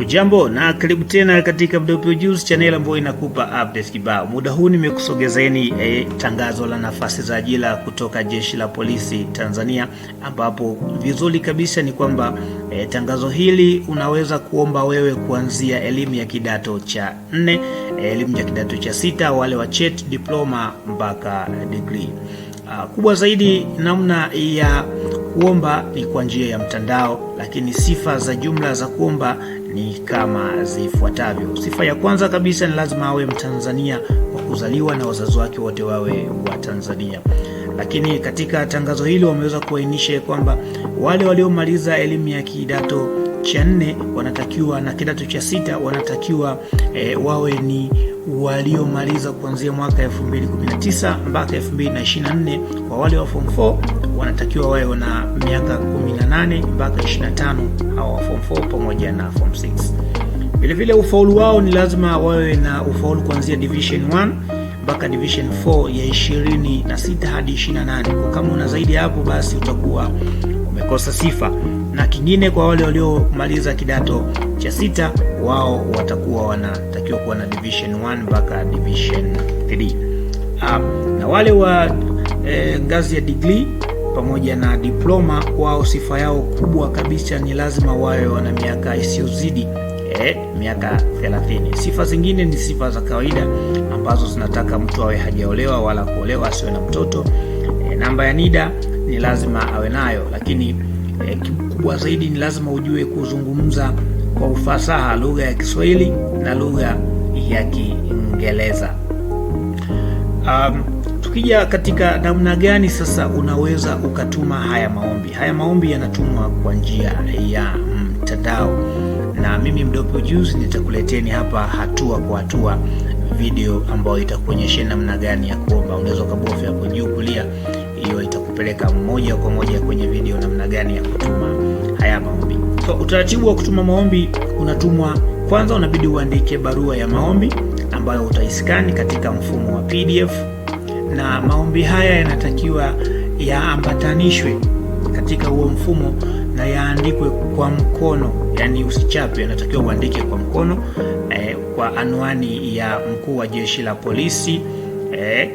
Ujambo na karibu tena katika MW News channel ambayo inakupa updates kibao. Muda huu nimekusogezeni eh, tangazo la nafasi za ajira kutoka Jeshi la Polisi Tanzania, ambapo vizuri kabisa ni kwamba eh, tangazo hili unaweza kuomba wewe kuanzia elimu ya kidato cha nne, eh, elimu ya kidato cha sita, wale wa cheti diploma mpaka degree. Uh, kubwa zaidi namna ya Kuomba ni kwa njia ya mtandao, lakini sifa za jumla za kuomba ni kama zifuatavyo. Sifa ya kwanza kabisa ni lazima awe Mtanzania kwa kuzaliwa na wazazi wake wote wawe wa Tanzania. Lakini katika tangazo hili wameweza kuainisha kwamba wale waliomaliza elimu ya kidato cha nne wanatakiwa na kidato cha sita wanatakiwa e, wawe ni waliomaliza kuanzia mwaka 2019 mpaka 2024 kwa wale wa form 4 wanatakiwa wawe na miaka 18 mpaka 25 hawa form 4 pamoja na form 6. Vilevile ufaulu wao ni lazima wawe na ufaulu kuanzia division 1 mpaka division 4 ya 26 hadi 28. Kwa kama una zaidi hapo, basi utakuwa umekosa sifa. Na kingine kwa wale waliomaliza kidato cha sita, wao watakuwa wanatakiwa kuwa na division 1 mpaka division 3. Um, ah, na wale wa eh, ngazi ya degree pamoja na diploma, wao sifa yao kubwa kabisa ni lazima wawe wana miaka isiyozidi eh, miaka 30. Sifa zingine ni sifa za kawaida ambazo zinataka mtu awe hajaolewa wala kuolewa, asiwe na mtoto eh, namba ya NIDA ni lazima awe nayo, lakini eh, kikubwa zaidi ni lazima ujue kuzungumza kwa ufasaha lugha ya Kiswahili na lugha ya Kiingereza. Um, Tukija katika namna gani sasa unaweza ukatuma haya maombi. Haya maombi yanatumwa kwa njia ya mtandao, na mimi Mdope juzi nitakuleteni hapa hatua kwa hatua video ambayo itakuonyesha namna gani ya kuomba. Unaweza ukabofya hapo juu kulia, hiyo itakupeleka moja kwa moja kwenye video namna gani ya kutuma haya maombi. So, utaratibu wa kutuma maombi unatumwa kwanza, unabidi uandike barua ya maombi ambayo utaiskani katika mfumo wa PDF na maombi haya yanatakiwa yaambatanishwe katika huo mfumo na yaandikwe kwa mkono, yani usichape, yanatakiwa uandike kwa mkono eh, kwa anwani ya mkuu wa jeshi la polisi eh,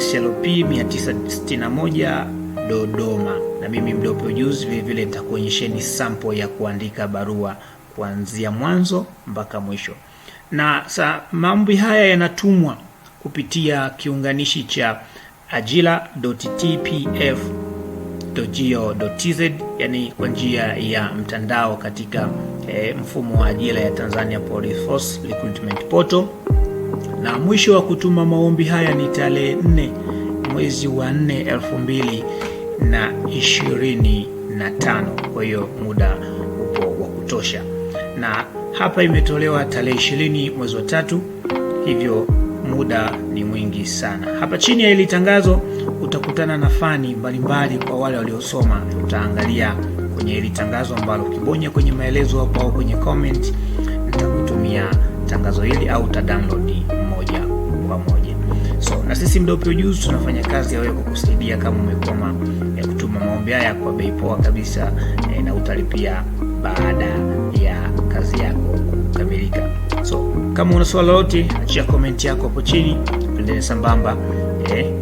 SLP 961 Dodoma. Na mimi Mdope Ujuzi vilevile nitakuonyesheni sample ya kuandika barua kuanzia mwanzo mpaka mwisho, na sa maombi haya yanatumwa kupitia kiunganishi cha ajira.tpf.go.tz, yani kwa njia ya mtandao katika e, mfumo wa ajira ya Tanzania Police Force Recruitment Portal. Na mwisho wa kutuma maombi haya ni tarehe 4 mwezi wa 4 elfu mbili na ishirini na tano. Kwa hiyo muda upo wa kutosha, na hapa imetolewa tarehe ishirini mwezi wa tatu, hivyo muda ni mwingi sana. Hapa chini ya hili tangazo utakutana na fani mbalimbali kwa wale waliosoma, utaangalia kwenye hili tangazo ambalo ukibonya kwenye maelezo hapo au kwenye comment nitakutumia tangazo hili au utadownload moja kwa moja. So na sisi Mdope tunafanya kazi ya wewe kusaidia kama umekoma ya kutuma maombi haya kwa bei poa kabisa, eh, na utalipia baada ya kazi yako kukamilika. Kama una swali lolote, achia komenti yako hapo chini, tuendelee sambamba eh.